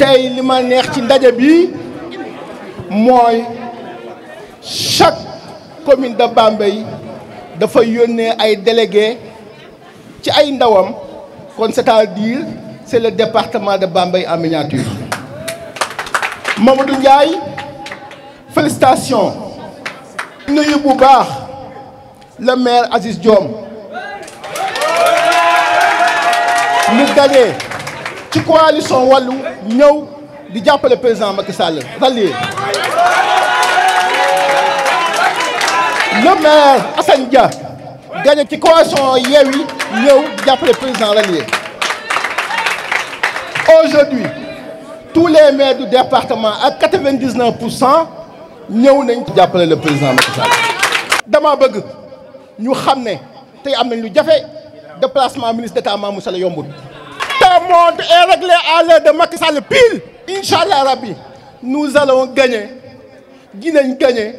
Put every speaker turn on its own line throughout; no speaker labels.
tay li ma neex ci ndaje bi moy chaque commune de Bambey dafa yónnee ay délégué ci ay ndawam kon c'est-à-dire c'est le département de Bambey en miniature Mamadou Ndiaye félicitations nuyu bu baax le maire Aziz Diom ñu ci coalition walou, ñëw di jappalé président Macky Sall valier le maire Assane Dia gagné ci coalition Yewwi ñëw di le président rallier aujourd'hui tous les maires du département à 99%, vingt dix ci jappalé le président Macky Sall dama bëgg ñu xamné tay tey am nañ lu jafé déplacement ministre d'État Mamoussala Sall yombul monde est réglé à l'aide de Macky Sall pile inch'Allah Rabbi nous allons gagner dinañ gagner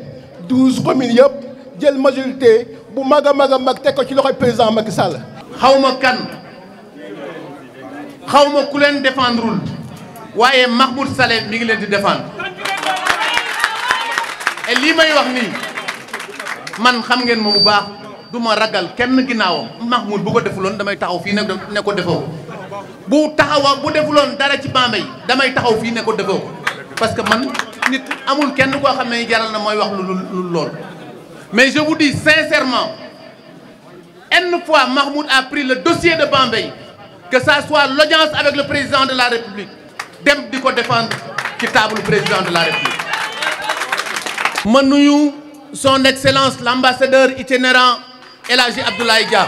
12 communes yëpp jël majorité bu maga maga mak a ko ci loxoy président Macky Sall. xawma kan xawma ma ku leen défendrul
wayé Mahmoud Saleh mi ngi len di défendre et lii may wax ni man xam ngeen mo bu baax du ragal kenn ginaawam Mahmoud bu ko defuloon damay taxaw fi ne ko defoo bu taxaw bu defuloon dara ci Bambey damay taxaw fi ne ko defo parce que man nit amul kenn ko xamné ne jaral na moy wax lu lu lool. mais je vous dis sincèrement une fois Mahmoud a pris le dossier de Bambey que ça soit l'audience avec le président de la République dem diko défendre ci table président de la République. ma nuyu son excellence l'ambassadeur itinérant Elagi Abdoulaye Dia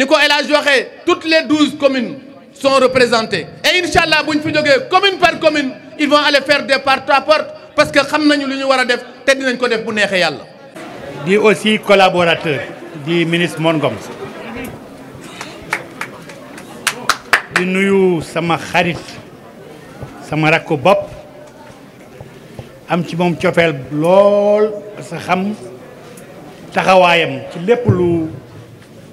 ni ko El Hadj toutes les 12 communes sont représentées et Inch'Allah, allah fi commune par commune ils vont aller faire des porte à porte parce que xam nañu lu ñu war a def
te dinañ ko def bu neexee yàlla. di aussi collaborateur di ministre Mor Ngom di nuyu sama xarit sama rakku bopp am ci moom cofeel lool sa xam taxawaayam ci lépp lu.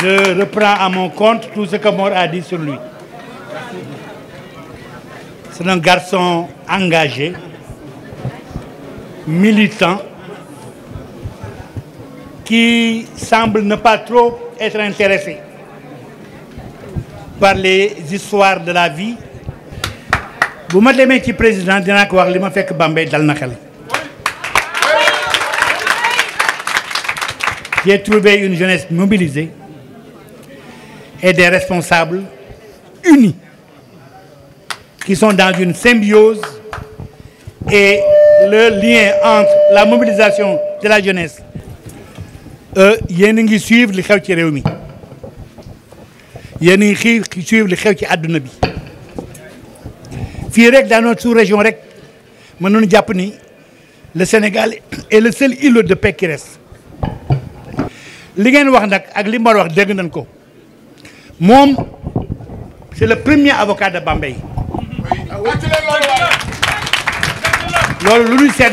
Je reprends à mon compte tout ce que Mor a dit sur lui. C'est un garçon engagé, militant, qui semble ne pas trop être intéressé par les histoires de la vie. vous ma demee ci président Je ko wax li que fekk Bambey dal na xel. J'ai trouvé une jeunesse mobilisée et des responsables unis qui sont dans une symbiose et le lien entre la mobilisation de la jeunesse euh, a ngi suivre li xew ci Réumi. Il y a ngi qui li xew ci àdduna bi rek dans notre sous-région rek mën le Sénégal est le seul îlot de paix qui reste li ngeen wax nag ak li ma wax dégg nañ Mom, c'est le premier avocat de Bambey. loolu lu ñuy sedd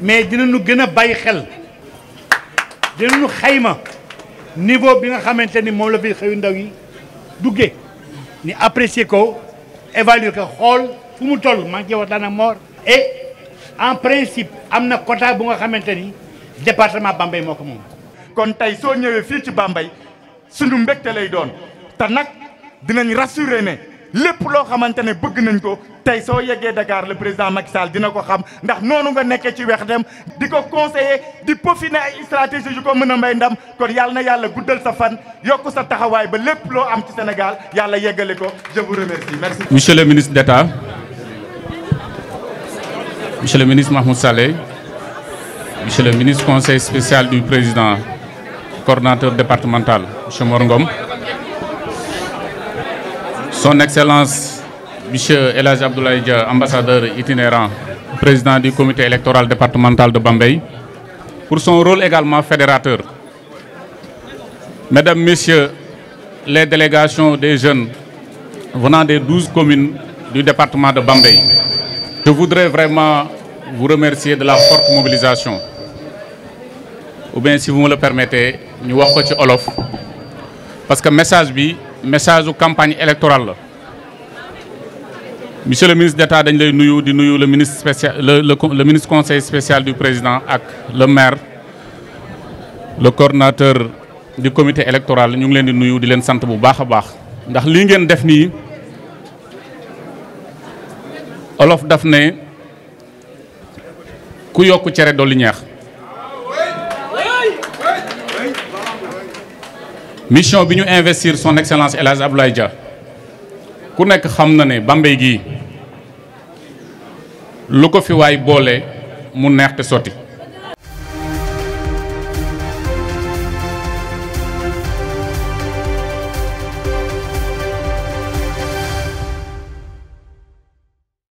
mais dinañu gën a bàyyi xel dinañu xayma niveau bi nga xamante ni moom la fi xëyu ndaw yi ni apprécier ko évaluer ko xool fu mu toll la ngi ciy et en principe am quota bu nga xamante département Bambey moo ko moom. kon tey soo ñëwee fii ci Bambey suñu mbékté lay doon ta nak dinañ rassurer né lépp lo xamante bëgg nañ ko tay so yeggee Dakar le président Macky Sall dina ko xam ndax nonu nga nekkee ci weex dem diko conseiller di peaufiner ay stratégie yu ko mën may ndam kon yalla na yalla guddal sa fan yokku sa taxaway ba lépp lo am ci Sénégal yàlla yeggale ko je vous remercie merci. monsieur
le ministre d'État monsieur le ministre Mahmoud Salé monsieur le ministre conseil spécial du président coordinateur départemental, M. Morngom, Son Excellence, M. Elaj Abdoulaye ambassadeur itinérant, président du comité électoral départemental de Bambay, pour son rôle également fédérateur. Mesdames, Messieurs, les délégations des jeunes venant des 12 communes du département de Bambay, je voudrais vraiment vous remercier de la forte mobilisation ou bien si vous me le permettez nous allons ko olof parce que le message bi message la campagne électorale monsieur le ministre d'État le ministre le ministre conseil spécial du président le maire le coordonnateur du comité électoral nous ngi parler di nuyu di leen sant bu olof daf qui ku mission bi investir son excellence El Abdoulaye Dia ku nek xam na ne Bambey gi